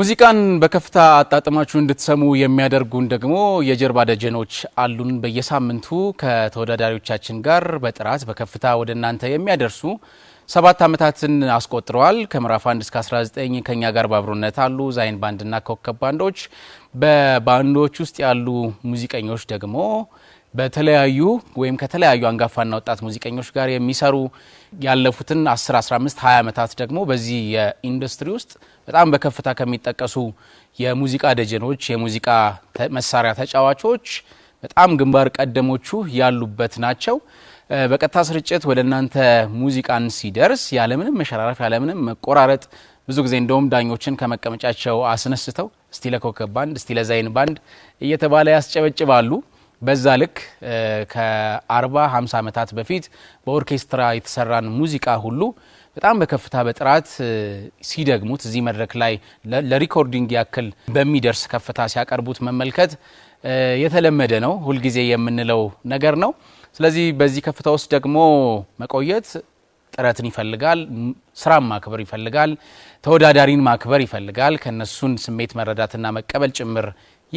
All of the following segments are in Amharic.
ሙዚቃን በከፍታ አጣጥማችሁ እንድትሰሙ የሚያደርጉን ደግሞ የጀርባ ደጀኖች አሉን። በየሳምንቱ ከተወዳዳሪዎቻችን ጋር በጥራት በከፍታ ወደ እናንተ የሚያደርሱ ሰባት ዓመታትን አስቆጥረዋል። ከምዕራፍ 1 እስከ 19 ከእኛ ጋር በአብሮነት አሉ ዛይን ባንድና ኮከብ ባንዶች። በባንዶች ውስጥ ያሉ ሙዚቀኞች ደግሞ በተለያዩ ወይም ከተለያዩ አንጋፋና ወጣት ሙዚቀኞች ጋር የሚሰሩ ያለፉትን 10፣ 15፣ 20 ዓመታት ደግሞ በዚህ የኢንዱስትሪ ውስጥ በጣም በከፍታ ከሚጠቀሱ የሙዚቃ ደጀኖች፣ የሙዚቃ መሳሪያ ተጫዋቾች በጣም ግንባር ቀደሞቹ ያሉበት ናቸው። በቀጥታ ስርጭት ወደ እናንተ ሙዚቃን ሲደርስ ያለምንም መሸራረፍ ያለምንም መቆራረጥ ብዙ ጊዜ እንደውም ዳኞችን ከመቀመጫቸው አስነስተው እስቲ ለኮከብ ባንድ እስቲ ለዛይን ባንድ እየተባለ ያስጨበጭባሉ። በዛ ልክ ከ40 50 ዓመታት በፊት በኦርኬስትራ የተሰራን ሙዚቃ ሁሉ በጣም በከፍታ በጥራት ሲደግሙት እዚህ መድረክ ላይ ለሪኮርዲንግ ያክል በሚደርስ ከፍታ ሲያቀርቡት መመልከት የተለመደ ነው፣ ሁልጊዜ የምንለው ነገር ነው። ስለዚህ በዚህ ከፍታ ውስጥ ደግሞ መቆየት ጥረትን ይፈልጋል፣ ስራን ማክበር ይፈልጋል፣ ተወዳዳሪን ማክበር ይፈልጋል፣ ከእነሱን ስሜት መረዳትና መቀበል ጭምር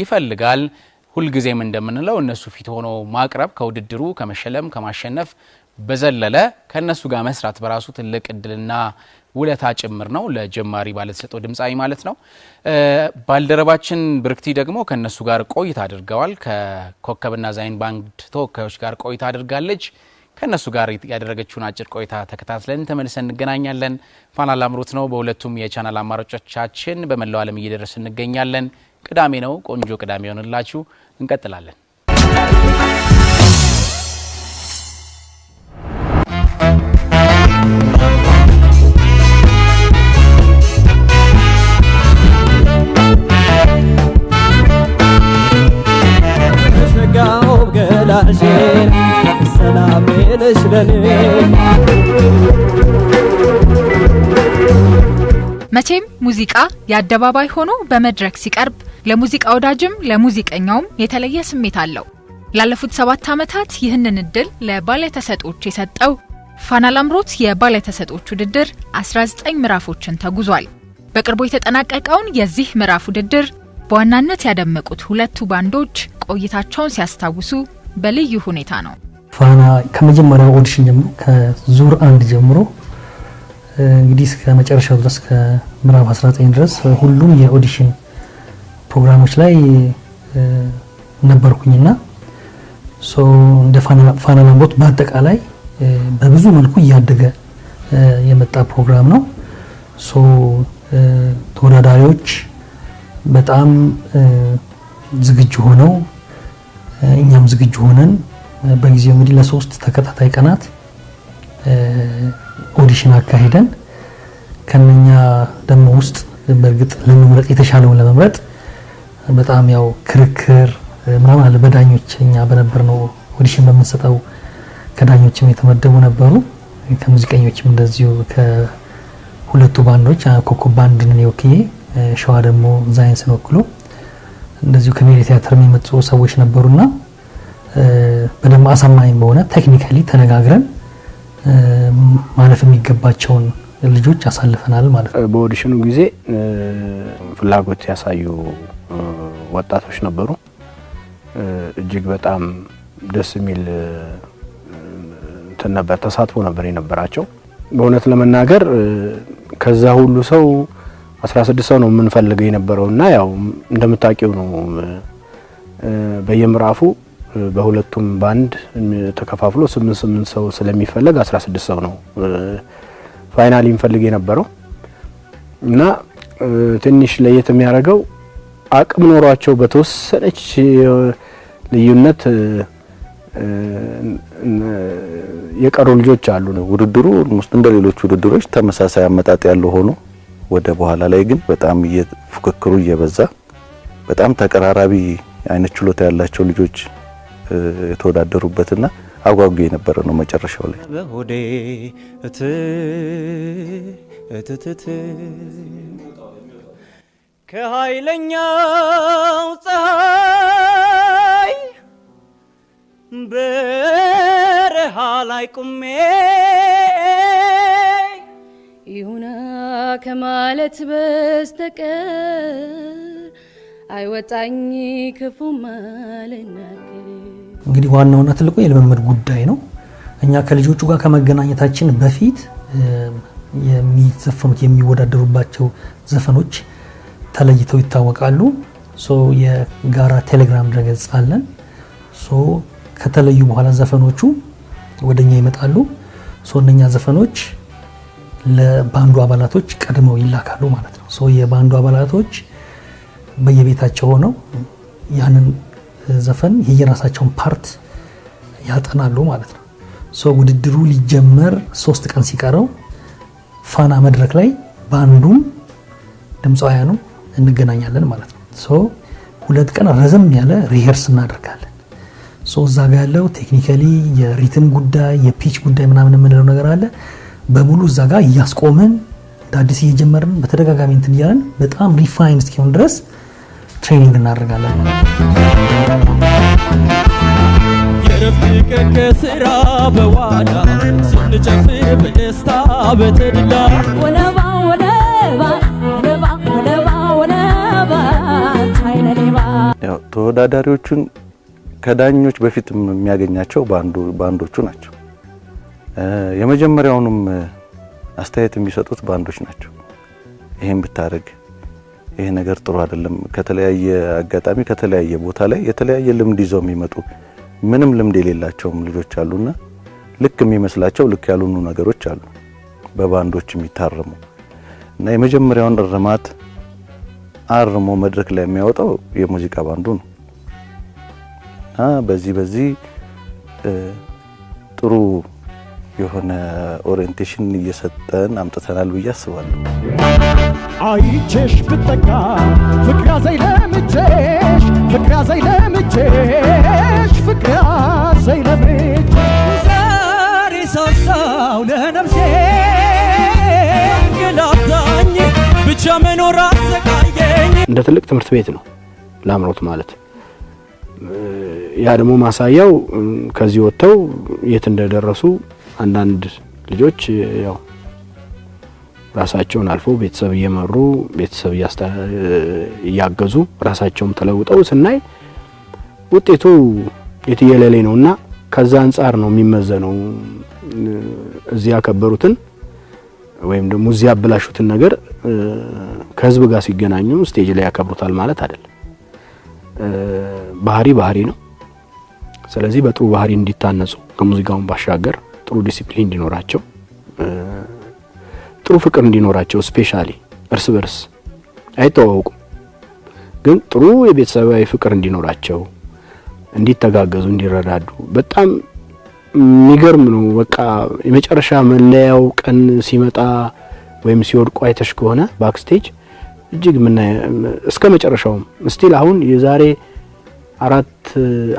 ይፈልጋል። ሁልጊዜም እንደምንለው እነሱ ፊት ሆኖ ማቅረብ ከውድድሩ ከመሸለም ከማሸነፍ በዘለለ ከእነሱ ጋር መስራት በራሱ ትልቅ እድልና ውለታ ጭምር ነው ለጀማሪ ባለተሰጠው ድምፃዊ ማለት ነው። ባልደረባችን ብርክቲ ደግሞ ከእነሱ ጋር ቆይታ አድርገዋል። ከኮከብና ዛይን ባንድ ተወካዮች ጋር ቆይታ አድርጋለች። ከእነሱ ጋር ያደረገችውን አጭር ቆይታ ተከታትለን ተመልሰን እንገናኛለን። ፋና ላምሮት ነው። በሁለቱም የቻናል አማራጮቻችን በመላው ዓለም እየደረስ እንገኛለን። ቅዳሜ ነው። ቆንጆ ቅዳሜ ይሆንላችሁ። እንቀጥላለን። ነሽ ለኔ። መቼም ሙዚቃ የአደባባይ ሆኖ በመድረክ ሲቀርብ ለሙዚቃ ወዳጅም ለሙዚቀኛውም የተለየ ስሜት አለው። ላለፉት ሰባት ዓመታት ይህንን እድል ተሰጦች የሰጠው ፋና ላምሮት ተሰጦች ውድድር 19 ምዕራፎችን ተጉዟል። በቅርቡ የተጠናቀቀውን የዚህ ምዕራፍ ውድድር በዋናነት ያደመቁት ሁለቱ ባንዶች ቆይታቸውን ሲያስታውሱ በልዩ ሁኔታ ነው። ፋና ከመጀመሪያው ኦዲሽን ጀምሮ ከዙር አንድ ጀምሮ እንግዲህ እስከ መጨረሻው ድረስ ከምዕራፍ 19 ድረስ ሁሉም የኦዲሽን ፕሮግራሞች ላይ ነበርኩኝና እንደ ፋና ላምሮት በአጠቃላይ በብዙ መልኩ እያደገ የመጣ ፕሮግራም ነው። ተወዳዳሪዎች በጣም ዝግጁ ሆነው እኛም ዝግጁ ሆነን በጊዜው እንግዲህ ለሶስት ተከታታይ ቀናት ኦዲሽን አካሄደን ከነኛ ደግሞ ውስጥ በእርግጥ ለመምረጥ የተሻለውን ለመምረጥ በጣም ያው ክርክር ምናምን አለ። በዳኞች እኛ በነበር ነው ኦዲሽን በምንሰጠው ከዳኞችም የተመደቡ ነበሩ። ከሙዚቀኞችም እንደዚሁ ከሁለቱ ባንዶች ኮከብ ባንድን ወክዬ ሸዋ ደግሞ ዛይንስን ወክሎ እንደዚሁ ከሜሪ ቲያትር የሚመጡ ሰዎች ነበሩና በደንብ አሳማኝ በሆነ ቴክኒካሊ ተነጋግረን ማለፍ የሚገባቸውን ልጆች አሳልፈናል ማለት ነው። በኦዲሽኑ ጊዜ ፍላጎት ያሳዩ ወጣቶች ነበሩ። እጅግ በጣም ደስ የሚል እንትን ነበር፣ ተሳትፎ ነበር የነበራቸው። በእውነት ለመናገር ከዛ ሁሉ ሰው 16 ሰው ነው የምንፈልገው የነበረው እና ያው እንደምታውቂው ነው በየምዕራፉ በሁለቱም ባንድ ተከፋፍሎ ስምንት ስምንት ሰው ስለሚፈለግ 16 ሰው ነው ፋይናል የምንፈልግ የነበረው እና ትንሽ ለየት የሚያደርገው አቅም ኖሯቸው በተወሰነች ልዩነት የቀሩ ልጆች አሉ። ነው ውድድሩ ውስጥ እንደ ሌሎች ውድድሮች ተመሳሳይ አመጣጥ ያለው ሆኖ ወደ በኋላ ላይ ግን በጣም ፉክክሩ እየበዛ በጣም ተቀራራቢ አይነት ችሎታ ያላቸው ልጆች የተወዳደሩበትና አጓጉ የነበረ ነው። መጨረሻው ላይ ሆዴ እትትት ከኃይለኛው ፀሐይ በረሃ ላይ ቁሜ ይሁና ከማለት በስተቀር አይወጣኝ ክፉም አልናገር። እንግዲህ ዋናውና ትልቁ የልምምድ ጉዳይ ነው። እኛ ከልጆቹ ጋር ከመገናኘታችን በፊት የሚዘፈኑት የሚወዳደሩባቸው ዘፈኖች ተለይተው ይታወቃሉ። የጋራ ቴሌግራም ድረገጽ አለን። ከተለዩ በኋላ ዘፈኖቹ ወደኛ ይመጣሉ። እነኛ ዘፈኖች ለባንዱ አባላቶች ቀድመው ይላካሉ ማለት ነው። ሶ የባንዱ አባላቶች በየቤታቸው ሆነው ያንን ዘፈን የየራሳቸውን ፓርት ያጠናሉ ማለት ነው። ሶ ውድድሩ ሊጀመር ሶስት ቀን ሲቀረው ፋና መድረክ ላይ ባንዱም ድምፃውያኑ እንገናኛለን ማለት ነው። ሶ ሁለት ቀን ረዘም ያለ ሪሄርስ እናደርጋለን። ሶ እዛ ጋ ያለው ቴክኒካሊ የሪትም ጉዳይ የፒች ጉዳይ ምናምን የምንለው ነገር አለ በሙሉ እዛ ጋር እያስቆምን እንደ አዲስ እየጀመርን በተደጋጋሚ እንትን እያለን በጣም ሪፋይን እስኪሆን ድረስ ትሬኒንግ እናደርጋለን ከስራ በዋዳ ስንጨፍር በደስታ በተድላ ወለባ ተወዳዳሪዎቹን ከዳኞች በፊት የሚያገኛቸው ባንዶቹ ናቸው። የመጀመሪያውንም አስተያየት የሚሰጡት ባንዶች ናቸው። ይሄን ብታደርግ ይሄ ነገር ጥሩ አይደለም። ከተለያየ አጋጣሚ ከተለያየ ቦታ ላይ የተለያየ ልምድ ይዘው የሚመጡ ምንም ልምድ የሌላቸውም ልጆች አሉና ልክ የሚመስላቸው ልክ ያልሆኑ ነገሮች አሉ በባንዶች የሚታረሙ እና የመጀመሪያውን እርማት አርሞ መድረክ ላይ የሚያወጣው የሙዚቃ ባንዱ ነው እና በዚህ በዚህ ጥሩ የሆነ ኦሪንቴሽን እየሰጠን አምጥተናል ብዬ አስባለሁ። አይቼሽ ብጠጋ ፍቅር ያዘኝ ለምቼሽ ፍቅር ያዘኝ ለምቼሽ ፍቅር ያዘኝ ለምጄ ዛሬ ሳሳው ለነፍሴ ገላታኝ ብቻ መኖር አሰቃየኝ። እንደ ትልቅ ትምህርት ቤት ነው ለአምሮት ማለት ያ ደግሞ ማሳያው ከዚህ ወጥተው የት እንደደረሱ አንዳንድ ልጆች ያው ራሳቸውን አልፎ ቤተሰብ እየመሩ ቤተሰብ እያገዙ ራሳቸውም ተለውጠው ስናይ ውጤቱ የትየለሌ እና ከዛ አንጻር ነው የሚመዘነው። እዚህ ያከበሩትን ወይም ደግሞ እዚህ ያበላሹትን ነገር ከህዝብ ጋር ሲገናኙ ስቴጅ ላይ ያከብሩታል ማለት አይደለም። ባህሪ ባህሪ ነው። ስለዚህ በጥሩ ባህሪ እንዲታነጹ ከሙዚቃውን ባሻገር ጥሩ ዲሲፕሊን እንዲኖራቸው፣ ጥሩ ፍቅር እንዲኖራቸው ስፔሻሊ እርስ በርስ አይተዋወቁም፣ ግን ጥሩ የቤተሰባዊ ፍቅር እንዲኖራቸው፣ እንዲተጋገዙ፣ እንዲረዳዱ በጣም የሚገርም ነው። በቃ የመጨረሻ መለያው ቀን ሲመጣ ወይም ሲወድቁ አይተሽ ከሆነ ባክስቴጅ እጅግ ምና እስከ መጨረሻውም ስቲል አሁን የዛሬ አራት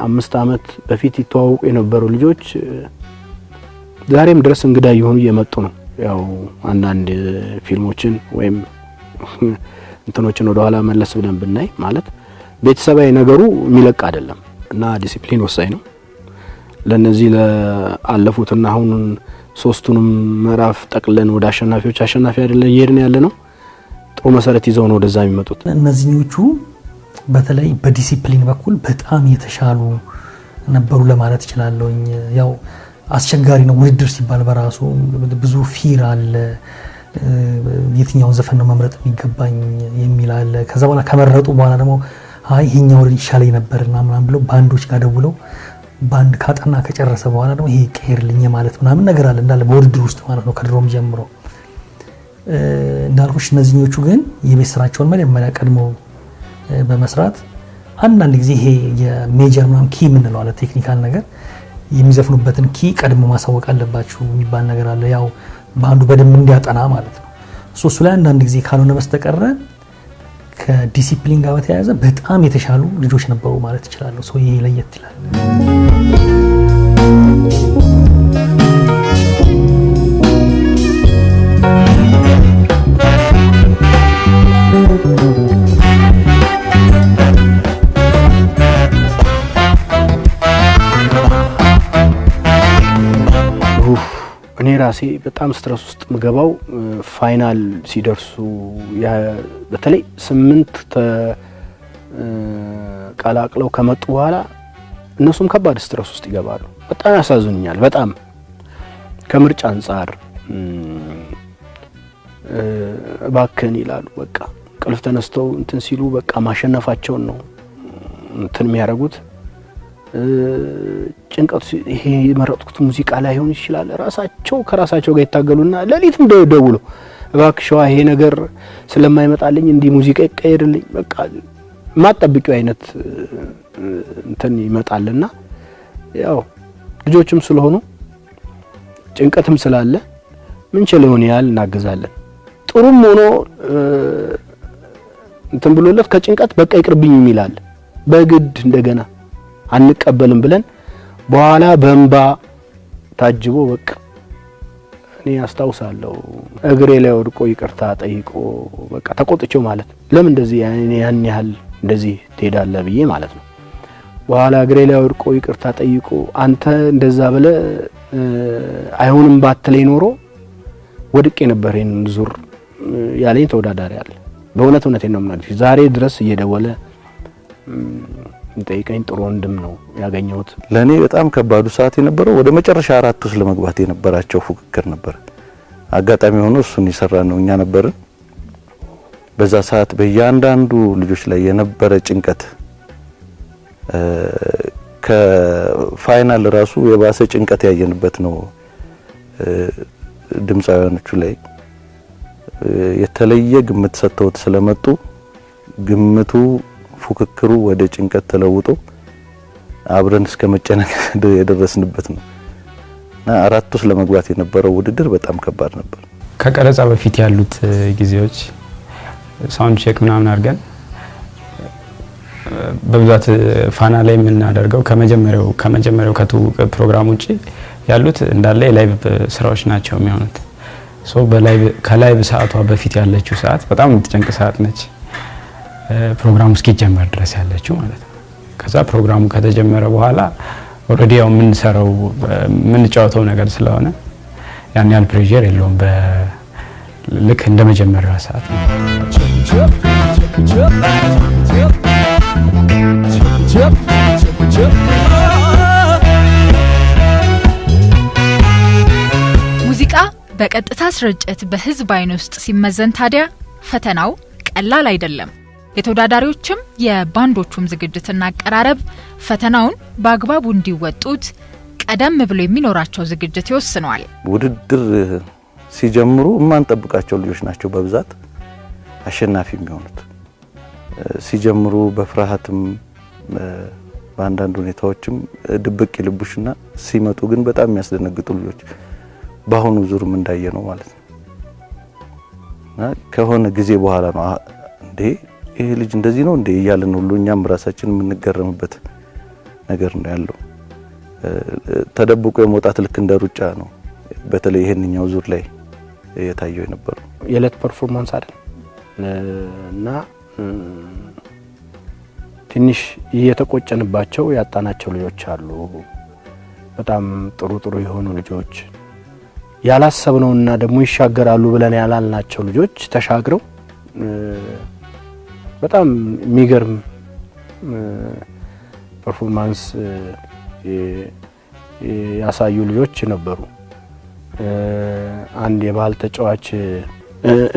አምስት አመት በፊት ይተዋውቁ የነበሩ ልጆች ዛሬም ድረስ እንግዳ እየሆኑ እየመጡ ነው። ያው አንዳንድ ፊልሞችን ወይም እንትኖችን ወደኋላ መለስ ብለን ብናይ ማለት ቤተሰባዊ ነገሩ የሚለቅ አይደለም እና ዲሲፕሊን ወሳኝ ነው። ለነዚህ ለአለፉትና አሁን ሶስቱንም ምዕራፍ ጠቅለን ወደ አሸናፊዎች አሸናፊ አይደለ እየሄድን ያለ ነው። ጥሩ መሰረት ይዘው ነው ወደዛ የሚመጡት። እነዚህኞቹ በተለይ በዲሲፕሊን በኩል በጣም የተሻሉ ነበሩ ለማለት እችላለሁኝ ያው አስቸጋሪ ነው። ውድድር ሲባል በራሱ ብዙ ፊር አለ። የትኛውን ዘፈን ነው መምረጥ የሚገባኝ የሚል አለ። ከዛ በኋላ ከመረጡ በኋላ ደግሞ አይ ይሄኛው ይሻለኝ ነበርና ምናምን ብለው ባንዶች ጋር ደውለው ባንድ ካጠና ከጨረሰ በኋላ ደግሞ ይሄ ቀይርልኝ ማለት ምናምን ነገር አለ እንዳለ በውድድር ውስጥ ማለት ነው። ከድሮም ጀምሮ እንዳልኩሽ እነዚህኞቹ ግን የቤት ስራቸውን መጀመሪያ ቀድሞ በመስራት አንዳንድ ጊዜ ይሄ የሜጀር ምናምን ኪ የምንለው አለ ቴክኒካል ነገር የሚዘፍኑበትን ኪ ቀድሞ ማሳወቅ አለባችሁ የሚባል ነገር አለ። ያው በአንዱ በደንብ እንዲያጠና ማለት ነው። እሱ እሱ ላይ አንዳንድ ጊዜ ካልሆነ በስተቀረ ከዲሲፕሊን ጋር በተያያዘ በጣም የተሻሉ ልጆች ነበሩ ማለት ይችላለሁ። ሰው ይሄ ለየት ይላል። እኔ ራሴ በጣም ስትረስ ውስጥ ምገባው ፋይናል ሲደርሱ በተለይ ስምንት ተቀላቅለው ከመጡ በኋላ እነሱም ከባድ ስትረስ ውስጥ ይገባሉ። በጣም ያሳዝኑኛል። በጣም ከምርጫ አንጻር እባክን ይላሉ። በቃ ቅልፍ ተነስተው እንትን ሲሉ በቃ ማሸነፋቸውን ነው እንትን የሚያደርጉት። ጭንቀት ይሄ የመረጥኩት ሙዚቃ ላይ ሆን ይችላል። ራሳቸው ከራሳቸው ጋር ይታገሉና ሌሊትም እንደደውሉ እባክሽዋ ይሄ ነገር ስለማይመጣልኝ እንዲህ ሙዚቃ ይቀየርልኝ፣ በቃ ማጠብቂው አይነት እንትን ይመጣልና ያው ልጆችም ስለሆኑ ጭንቀትም ስላለ ምን ይሆን ያህል እናግዛለን? ጥሩም ሆኖ እንትን ብሎለት ከጭንቀት በቃ ይቅርብኝ የሚላል በግድ እንደገና አንቀበልም ብለን በኋላ በእንባ ታጅቦ በቃ እኔ አስታውሳለሁ እግሬ ላይ ወድቆ ይቅርታ ጠይቆ በቃ ተቆጥቼው ማለት ነው። ለምን እንደዚህ ያን ያህል እንደዚህ ትሄዳለህ ብዬ ማለት ነው። በኋላ እግሬ ላይ ወድቆ ይቅርታ ጠይቆ አንተ እንደዛ ብለ አይሆንም ባትለኝ ኖሮ ወድቄ ነበር ይህን ዙር ያለኝ ተወዳዳሪ አለ። በእውነት እውነቴን ነው የምናግርሽ። ዛሬ ድረስ እየደወለ የሚጠይቀኝ ጥሩ ወንድም ነው ያገኘሁት። ለእኔ በጣም ከባዱ ሰዓት የነበረው ወደ መጨረሻ አራት ውስጥ ለመግባት የነበራቸው ፉክክር ነበር። አጋጣሚ ሆኖ እሱን የሰራ ነው እኛ ነበርን። በዛ ሰዓት በእያንዳንዱ ልጆች ላይ የነበረ ጭንቀት ከፋይናል ራሱ የባሰ ጭንቀት ያየንበት ነው። ድምፃውያኖቹ ላይ የተለየ ግምት ሰጥተውት ስለመጡ ግምቱ ፉክክሩ ወደ ጭንቀት ተለውጦ አብረን እስከ መጨነቅ የደረስንበት ነው እና አራት ውስጥ ለመግባት የነበረው ውድድር በጣም ከባድ ነበር። ከቀረጻ በፊት ያሉት ጊዜዎች ሳውንድ ቼክ ምናምን አድርገን በብዛት ፋና ላይ የምናደርገው ከመጀመሪያው ከመጀመሪያው ከትውውቅ ፕሮግራም ውጪ ያሉት እንዳለ የላይቭ ስራዎች ናቸው የሚሆኑት። ሶ በላይቭ ከላይቭ ሰዓቷ በፊት ያለችው ሰዓት በጣም የምትጨንቅ ሰዓት ነች። ፕሮግራሙ እስኪጀመር ድረስ ያለችው ማለት ነው። ከዛ ፕሮግራሙ ከተጀመረ በኋላ ኦልሬዲ ያው የምንሰራው የምንጫወተው ነገር ስለሆነ ያን ያህል ፕሬዥር የለውም። ልክ እንደ መጀመሪያዋ ሰዓት ሙዚቃ በቀጥታ ስርጭት በህዝብ አይን ውስጥ ሲመዘን ታዲያ ፈተናው ቀላል አይደለም። የተወዳዳሪዎችም የባንዶቹም ዝግጅትና አቀራረብ ፈተናውን በአግባቡ እንዲወጡት ቀደም ብሎ የሚኖራቸው ዝግጅት ይወስነዋል። ውድድር ሲጀምሩ የማንጠብቃቸው ልጆች ናቸው በብዛት አሸናፊ የሚሆኑት። ሲጀምሩ በፍርሃትም በአንዳንድ ሁኔታዎችም ድብቅ ይልቡሽና ሲመጡ ግን በጣም የሚያስደነግጡ ልጆች በአሁኑ ዙርም እንዳየ ነው ማለት ነው። ከሆነ ጊዜ በኋላ ነው እንዴ ይሄ ልጅ እንደዚህ ነው እንዴ እያለን ሁሉ እኛም ራሳችን የምንገረምበት ነገር ነው ያለው። ተደብቆ የመውጣት ልክ እንደ ሩጫ ነው። በተለይ ይሄንኛው ዙር ላይ የታየው የነበረው የዕለት ፐርፎርማንስ አይደል እና ትንሽ እየተቆጨንባቸው ያጣናቸው ልጆች አሉ። በጣም ጥሩ ጥሩ የሆኑ ልጆች ያላሰብነውና ደግሞ ይሻገራሉ ብለን ያላልናቸው ልጆች ተሻግረው በጣም የሚገርም ፐርፎርማንስ ያሳዩ ልጆች ነበሩ። አንድ የባህል ተጫዋች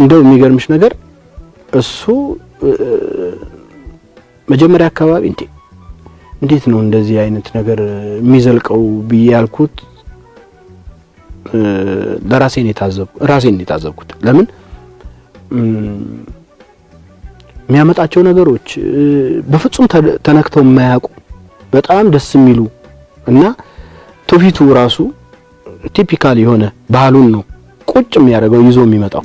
እንደው የሚገርምሽ ነገር እሱ መጀመሪያ አካባቢ እንዴ እንዴት ነው እንደዚህ አይነት ነገር የሚዘልቀው ብዬ ያልኩት ለራሴን የታዘብኩት ራሴን የታዘብኩት ለምን የሚያመጣቸው ነገሮች በፍጹም ተነክተው የማያውቁ በጣም ደስ የሚሉ እና ትውፊቱ ራሱ ቲፒካል የሆነ ባህሉን ነው ቁጭ የሚያደርገው ይዞ የሚመጣው።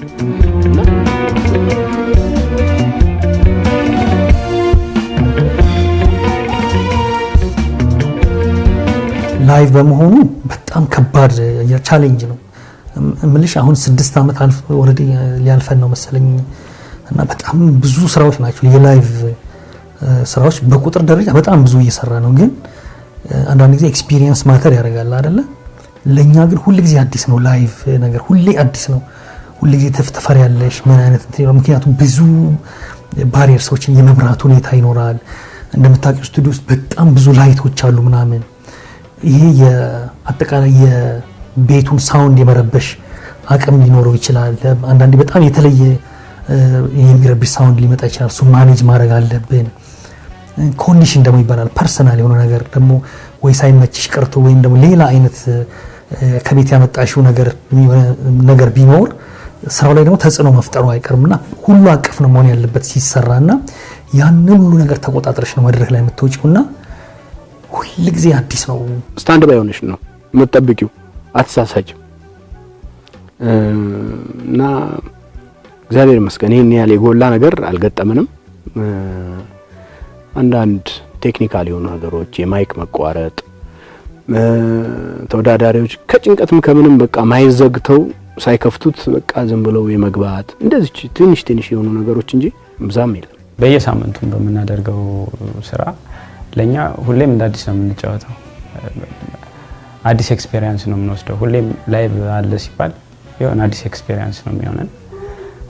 ላይቭ በመሆኑ በጣም ከባድ ቻሌንጅ ነው ምልሽ። አሁን ስድስት ዓመት ወረዴ ሊያልፈን ነው መሰለኝ እና በጣም ብዙ ስራዎች ናቸው የላይቭ ስራዎች በቁጥር ደረጃ በጣም ብዙ እየሰራ ነው። ግን አንዳንድ ጊዜ ኤክስፒሪየንስ ማተር ያደርጋል አይደለ? ለእኛ ግን ሁል ጊዜ አዲስ ነው። ላይቭ ነገር ሁሌ አዲስ ነው። ሁል ጊዜ ተፍተፈር ያለሽ ምን አይነት ምክንያቱም ብዙ ባሪየር ሰዎችን የመብራት ሁኔታ ይኖራል። እንደምታውቂው ስቱዲዮ ውስጥ በጣም ብዙ ላይቶች አሉ ምናምን። ይሄ የአጠቃላይ የቤቱን ሳውንድ የመረበሽ አቅም ሊኖረው ይችላል። አንዳንዴ በጣም የተለየ የሚረብሽ ሳውንድ ሊመጣ ይችላል። እሱ ማኔጅ ማድረግ አለብን። ኮንዲሽን ደግሞ ይባላል። ፐርሰናል የሆነ ነገር ደግሞ ወይ ሳይመችሽ ቀርቶ ወይም ደግሞ ሌላ አይነት ከቤት ያመጣሽው ነገር ቢኖር ስራው ላይ ደግሞ ተጽዕኖ መፍጠሩ አይቀርምና ሁሉ አቀፍ ነው መሆን ያለበት ሲሰራ እና ያንን ሁሉ ነገር ተቆጣጥረሽ ነው መድረክ ላይ የምትወጪው እና ሁል ጊዜ አዲስ ነው። ስታንድ ባይ ሆነሽ ነው የምትጠብቂው። አትሳሳጅም እና እግዚአብሔር ይመስገን ይህን ያህል የጎላ ነገር አልገጠመንም። አንዳንድ ቴክኒካል የሆኑ ነገሮች የማይክ መቋረጥ፣ ተወዳዳሪዎች ከጭንቀትም ከምንም በቃ ማይክ ዘግተው ሳይከፍቱት በቃ ዝም ብለው የመግባት እንደዚች ትንሽ ትንሽ የሆኑ ነገሮች እንጂ ብዛም የለም። በየሳምንቱም በምናደርገው ስራ ለእኛ ሁሌም እንደ አዲስ ነው የምንጫወተው። አዲስ ኤክስፔሪንስ ነው የምንወስደው። ሁሌም ላይቭ አለ ሲባል የሆነ አዲስ ኤክስፔሪንስ ነው የሚሆነን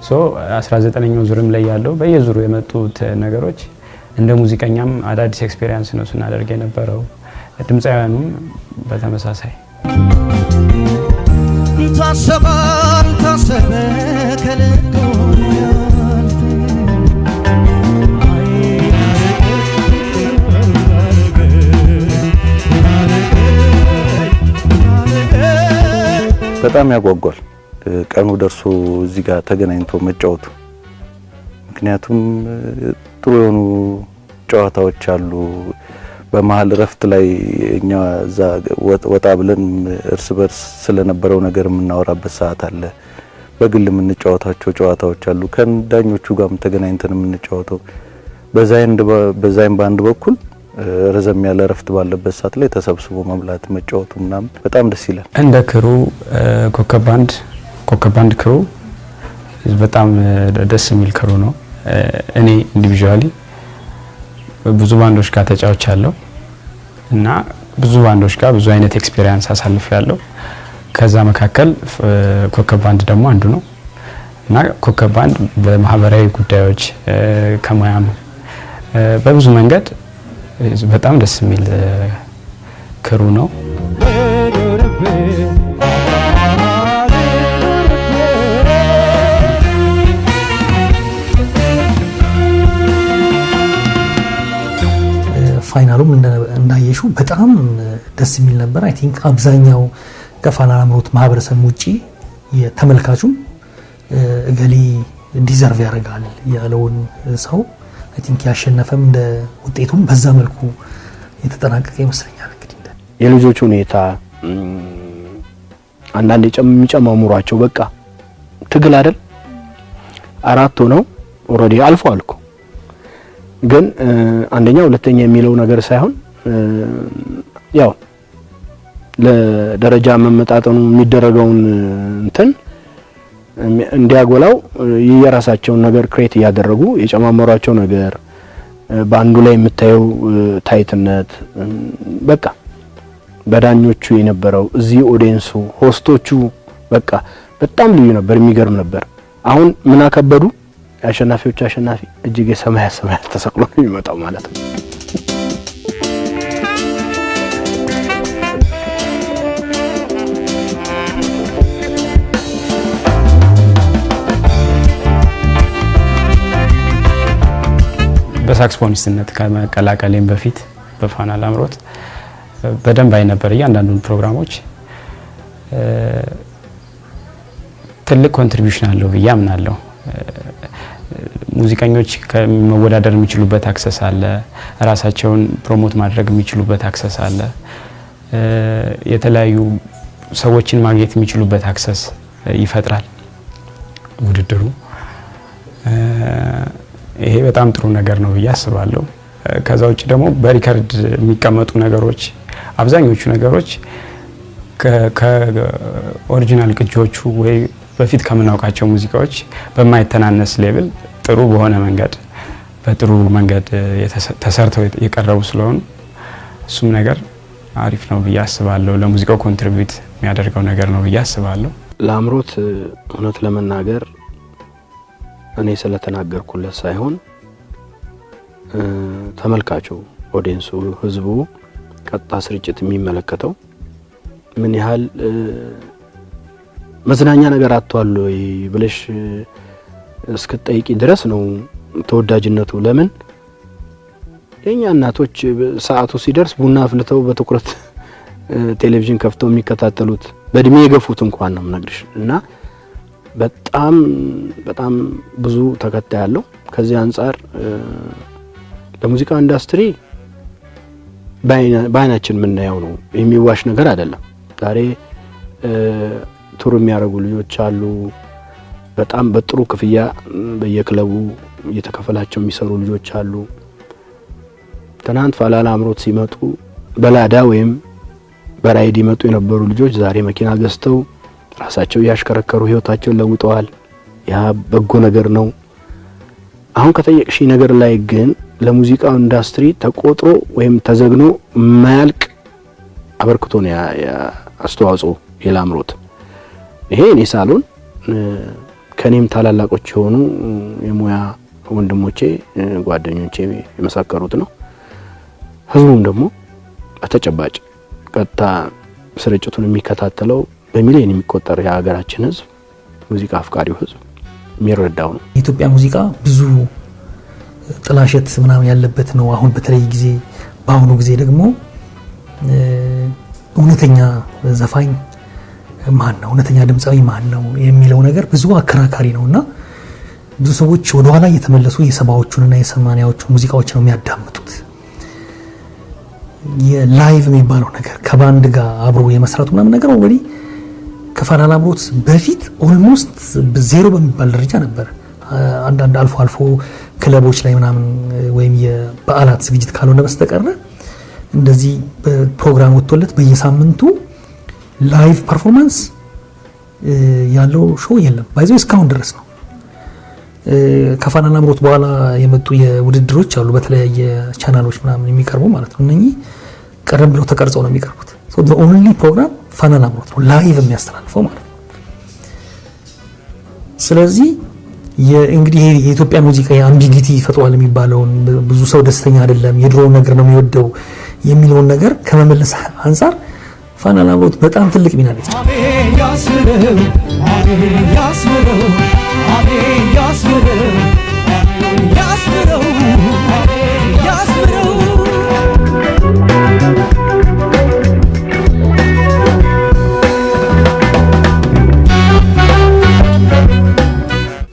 19ኛው ዙርም ላይ ያለው በየዙሩ የመጡት ነገሮች እንደ ሙዚቀኛም አዳዲስ ኤክስፔሪንስ ነው ስናደርግ የነበረው። ድምፃውያኑም በተመሳሳይ በጣም ያጓጓል። ቀኑ ደርሶ እዚህ ጋር ተገናኝቶ መጫወቱ። ምክንያቱም ጥሩ የሆኑ ጨዋታዎች አሉ። በመሀል እረፍት ላይ እኛ እዛ ወጣ ብለን እርስ በርስ ስለነበረው ነገር የምናወራበት ሰዓት አለ። በግል የምንጫወታቸው ጨዋታዎች አሉ። ከዳኞቹ ጋርም ተገናኝተን የምንጫወተው በዛይን በአንድ በኩል ረዘም ያለ እረፍት ባለበት ሰዓት ላይ ተሰብስቦ መብላት መጫወቱ ምናምን በጣም ደስ ይላል። እንደ ክሩ ኮከብ ባንድ ኮከብ ባንድ ክሩ በጣም ደስ የሚል ክሩ ነው። እኔ ኢንዲቪዥዋሊ ብዙ ባንዶች ጋር ተጫዎች አለው። እና ብዙ ባንዶች ጋር ብዙ አይነት ኤክስፔሪንስ አሳልፍ ያለው ከዛ መካከል ኮከብ ባንድ ደግሞ አንዱ ነው እና ኮከብ ባንድ በማህበራዊ ጉዳዮች ከሙያም በብዙ መንገድ በጣም ደስ የሚል ክሩ ነው። ፋይናሉም እንዳየሹ በጣም ደስ የሚል ነበር። አይ ቲንክ አብዛኛው ከፋና ላምሮት ማህበረሰብ ውጪ ተመልካቹም እገሌ ዲዘርቭ ያደርጋል ያለውን ሰው አይ ቲንክ ያሸነፈም እንደ ውጤቱም በዛ መልኩ የተጠናቀቀ ይመስለኛል። እንግዲህ የልጆች ሁኔታ አንዳንድ የሚጨማምሯቸው በቃ ትግል አይደል አራት ሆነው ኦልሬዲ አልፎ አልኩ ግን አንደኛ ሁለተኛ የሚለው ነገር ሳይሆን ያው ለደረጃ መመጣጠኑ የሚደረገውን እንትን እንዲያጎላው የራሳቸውን ነገር ክሬት እያደረጉ የጨማመሯቸው ነገር በአንዱ ላይ የምታየው ታይትነት በቃ በዳኞቹ የነበረው እዚህ ኦዲየንሱ ሆስቶቹ በቃ በጣም ልዩ ነበር፣ የሚገርም ነበር። አሁን ምን አከበዱ? አሸናፊዎች አሸናፊ እጅግ የሰማያት ሰማያት ተሰቅሎ ነው የሚመጣው ማለት ነው። በሳክስፎኒስትነት ከመቀላቀሌም በፊት በፋና ላምሮት በደንብ አይ ነበር እያንዳንዱን ፕሮግራሞች ትልቅ ኮንትሪቢሽን አለው ብዬ አምናለሁ። ሙዚቀኞች መወዳደር የሚችሉበት አክሰስ አለ። ራሳቸውን ፕሮሞት ማድረግ የሚችሉበት አክሰስ አለ። የተለያዩ ሰዎችን ማግኘት የሚችሉበት አክሰስ ይፈጥራል ውድድሩ። ይሄ በጣም ጥሩ ነገር ነው ብዬ አስባለሁ። ከዛ ውጭ ደግሞ በሪከርድ የሚቀመጡ ነገሮች አብዛኞቹ ነገሮች ከኦሪጂናል ቅጂዎቹ ወይ በፊት ከምናውቃቸው ሙዚቃዎች በማይተናነስ ሌብል ጥሩ በሆነ መንገድ በጥሩ መንገድ ተሰርተው የቀረቡ ስለሆኑ እሱም ነገር አሪፍ ነው ብዬ አስባለሁ። ለሙዚቃው ኮንትሪቢዩት የሚያደርገው ነገር ነው ብዬ አስባለሁ። ለአምሮት እውነት ለመናገር እኔ ስለተናገርኩለት ሳይሆን ተመልካቹ፣ ኦዲየንሱ፣ ህዝቡ ቀጥታ ስርጭት የሚመለከተው ምን ያህል መዝናኛ ነገር አጥቷል ወይ ብለሽ እስክትጠይቂ ድረስ ነው ተወዳጅነቱ። ለምን የእኛ እናቶች ሰዓቱ ሲደርስ ቡና አፍልተው በትኩረት ቴሌቪዥን ከፍተው የሚከታተሉት በእድሜ የገፉት እንኳን ነው የምነግርሽ። እና በጣም በጣም ብዙ ተከታይ ያለው ከዚህ አንጻር ለሙዚቃ ኢንዱስትሪ በአይናችን የምናየው ነው፣ የሚዋሽ ነገር አይደለም። ዛሬ ቱር የሚያደርጉ ልጆች አሉ። በጣም በጥሩ ክፍያ በየክለቡ እየተከፈላቸው የሚሰሩ ልጆች አሉ። ትናንት ፋላላ አምሮት ሲመጡ በላዳ ወይም በራይድ ይመጡ የነበሩ ልጆች ዛሬ መኪና ገዝተው ራሳቸው እያሽከረከሩ ህይወታቸውን ለውጠዋል። ያ በጎ ነገር ነው። አሁን ከጠየቅሽ ነገር ላይ ግን ለሙዚቃው ኢንዱስትሪ ተቆጥሮ ወይም ተዘግኖ ማያልቅ አበርክቶ ነው አስተዋጽኦ የላምሮት ይሄ እኔ ሳሎን ከእኔም ታላላቆች የሆኑ የሙያ ወንድሞቼ፣ ጓደኞቼ የመሰከሩት ነው። ህዝቡም ደግሞ በተጨባጭ ቀጥታ ስርጭቱን የሚከታተለው በሚሊዮን የሚቆጠር የሀገራችን ህዝብ ሙዚቃ አፍቃሪው ህዝብ የሚረዳው ነው። የኢትዮጵያ ሙዚቃ ብዙ ጥላሸት ምናምን ያለበት ነው። አሁን በተለይ ጊዜ በአሁኑ ጊዜ ደግሞ እውነተኛ ዘፋኝ ማን ነው እውነተኛ ድምፃዊ ማን ነው የሚለው ነገር ብዙ አከራካሪ ነው እና ብዙ ሰዎች ወደኋላ እየተመለሱ የሰባዎቹንና የሰማንያዎቹን ሙዚቃዎች ነው የሚያዳምጡት። የላይቭ የሚባለው ነገር ከባንድ ጋር አብሮ የመስራቱ ምናምን ነገር ኦልሬዲ ከፋና ላምሮት በፊት ኦልሞስት ዜሮ በሚባል ደረጃ ነበር። አንዳንድ አልፎ አልፎ ክለቦች ላይ ምናምን ወይም የበዓላት ዝግጅት ካልሆነ በስተቀረ እንደዚህ ፕሮግራም ወጥቶለት በየሳምንቱ ላይቭ ፐርፎርማንስ eh, ያለው ሾው የለም። ባይዘ እስካሁን ድረስ ነው። eh, ከፋናና ምሮት በኋላ የመጡ የውድድሮች አሉ፣ በተለያየ ቻናሎች ምናምን የሚቀርቡ ማለት ነው። እነኚህ ቀደም ብለው ተቀርጸው ነው የሚቀርቡት። ኦንሊ ፕሮግራም ፋናና ምሮት ነው ላይቭ የሚያስተላልፈው ማለት ነው። ስለዚህ እንግዲህ የኢትዮጵያ ሙዚቃ የአምቢጊቲ ይፈጥሯል የሚባለውን ብዙ ሰው ደስተኛ አይደለም፣ የድሮውን ነገር ነው የሚወደው የሚለውን ነገር ከመመለስ አንጻር ፋና ላምሮት በጣም ትልቅ ሚና ቤት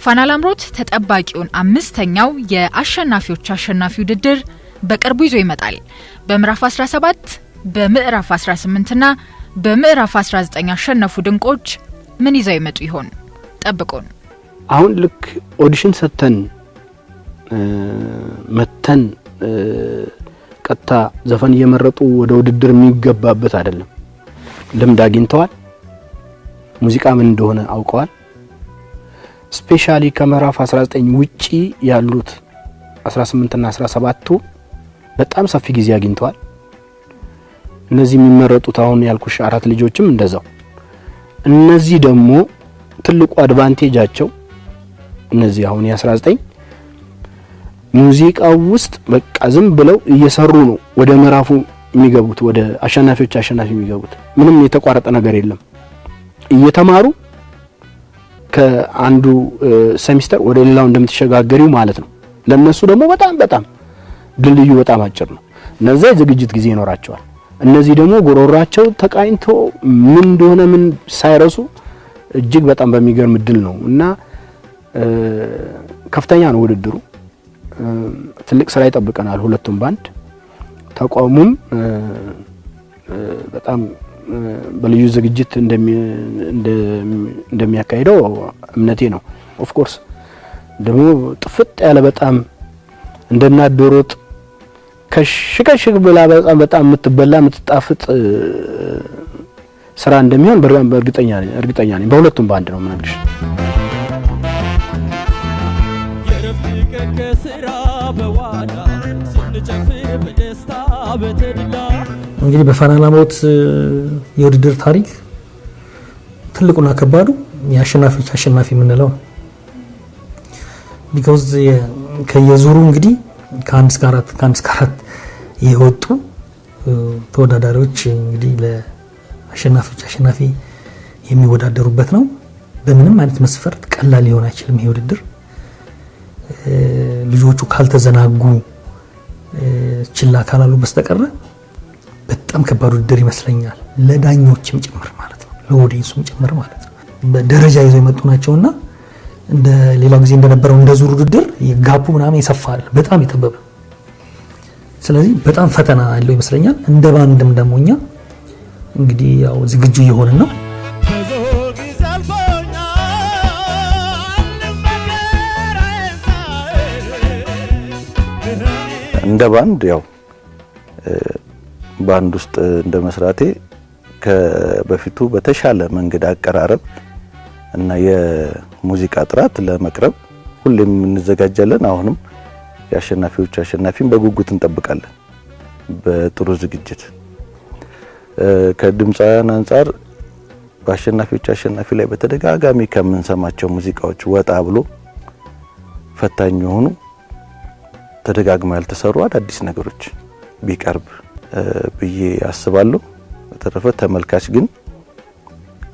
ፋና ላምሮት ተጠባቂውን አምስተኛው የአሸናፊዎች አሸናፊ ውድድር በቅርቡ ይዞ ይመጣል። በምዕራፍ 17 በምዕራፍ 18ና በምዕራፍ 19 ያሸነፉ ድንቆች ምን ይዘው ይመጡ ይሆን? ጠብቁን። አሁን ልክ ኦዲሽን ሰጥተን መተን ቀጥታ ዘፈን እየመረጡ ወደ ውድድር የሚገባበት አይደለም። ልምድ አግኝተዋል። ሙዚቃ ምን እንደሆነ አውቀዋል። ስፔሻሊ ከምዕራፍ 19 ውጪ ያሉት 18 ና 17ቱ በጣም ሰፊ ጊዜ አግኝተዋል። እነዚህ የሚመረጡት አሁን ያልኩሽ አራት ልጆችም እንደዛው። እነዚህ ደግሞ ትልቁ አድቫንቴጃቸው እነዚህ አሁን የ19 ሙዚቃው ውስጥ በቃ ዝም ብለው እየሰሩ ነው ወደ ምዕራፉ የሚገቡት ወደ አሸናፊዎች አሸናፊ የሚገቡት ምንም የተቋረጠ ነገር የለም። እየተማሩ ከአንዱ ሰሚስተር ወደ ሌላው እንደምትሸጋገሪው ማለት ነው። ለነሱ ደግሞ በጣም በጣም ድልድዩ በጣም አጭር ነው። እነዛ የዝግጅት ጊዜ ይኖራቸዋል። እነዚህ ደግሞ ጉሮሯቸው ተቃኝቶ ምን እንደሆነ ምን ሳይረሱ እጅግ በጣም በሚገርም ድል ነው እና ከፍተኛ ነው ውድድሩ። ትልቅ ስራ ይጠብቀናል። ሁለቱም ባንድ ተቋሙም በጣም በልዩ ዝግጅት እንደሚያካሂደው እምነቴ ነው። ኦፍኮርስ ደግሞ ጥፍጥ ያለ በጣም እንደናዶሮጥ ከሽከሽክ ብላ በጣም በጣም የምትበላ የምትጣፍጥ ስራ እንደሚሆን በእርግጠኛ ነኝ እርግጠኛ ነኝ። በሁለቱም በአንድ ነው የምነግርሽ። እንግዲህ በፋና ላምሮት የውድድር ታሪክ ትልቁና ከባዱ የአሸናፊዎች አሸናፊ የምንለው ቢኮዝ ከየዙሩ እንግዲህ ከአንድ እስከ አራት ከአንድ እስከ አራት የወጡ ተወዳዳሪዎች እንግዲህ ለአሸናፊዎች አሸናፊ የሚወዳደሩበት ነው። በምንም አይነት መስፈርት ቀላል ሊሆን አይችልም ይሄ ውድድር። ልጆቹ ካልተዘናጉ ችላ ካላሉ በስተቀረ በጣም ከባድ ውድድር ይመስለኛል። ለዳኞችም ጭምር ማለት ነው፣ ለኦዲየንሱም ጭምር ማለት ነው። በደረጃ ይዘው የመጡ ናቸውና እንደ ሌላው ጊዜ እንደነበረው እንደ ዙር ውድድር ጋፑ ምናምን ይሰፋል በጣም የጠበበ ስለዚህ በጣም ፈተና ያለው ይመስለኛል። እንደ ባንድም ደግሞ እኛ እንግዲህ ያው ዝግጁ እየሆንን ነው። እንደ ባንድ ያው ባንድ ውስጥ እንደ መስራቴ ከበፊቱ በተሻለ መንገድ አቀራረብ እና የሙዚቃ ጥራት ለመቅረብ ሁሌም እንዘጋጃለን አሁንም የአሸናፊዎች አሸናፊን በጉጉት እንጠብቃለን። በጥሩ ዝግጅት ከድምፃውያን አንጻር በአሸናፊዎች አሸናፊ ላይ በተደጋጋሚ ከምንሰማቸው ሙዚቃዎች ወጣ ብሎ ፈታኝ የሆኑ ተደጋግሞ ያልተሰሩ አዳዲስ ነገሮች ቢቀርብ ብዬ አስባለሁ። በተረፈ ተመልካች ግን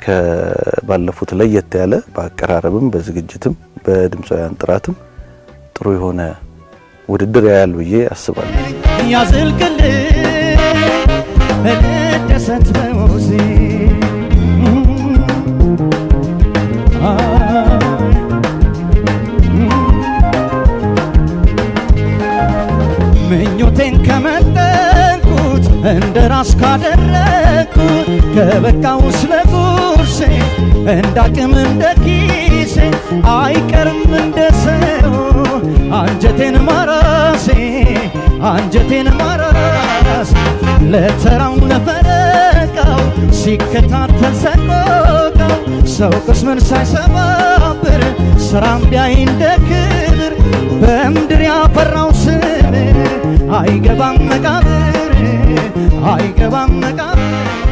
ከባለፉት ለየት ያለ በአቀራረብም፣ በዝግጅትም፣ በድምፃውያን ጥራትም ጥሩ የሆነ ውድድር ያያል ብዬ አስባለሁ። ምኞቴን ከመጠንኩት እንደ ራስ ካደረግኩት ከበቃ ውስለ ጉርሴ እንዳቅም እንደኪ አንጀቴን ማረስ ለተራው ለፈረቀው ሲከታተል ሰቆቃው ሰው ቅስምን ሳይሰባብር ስራም ቢያይ እንደ ክብር በምድር ያፈራው ስም አይገባም መቃብር አይገባም መቃብር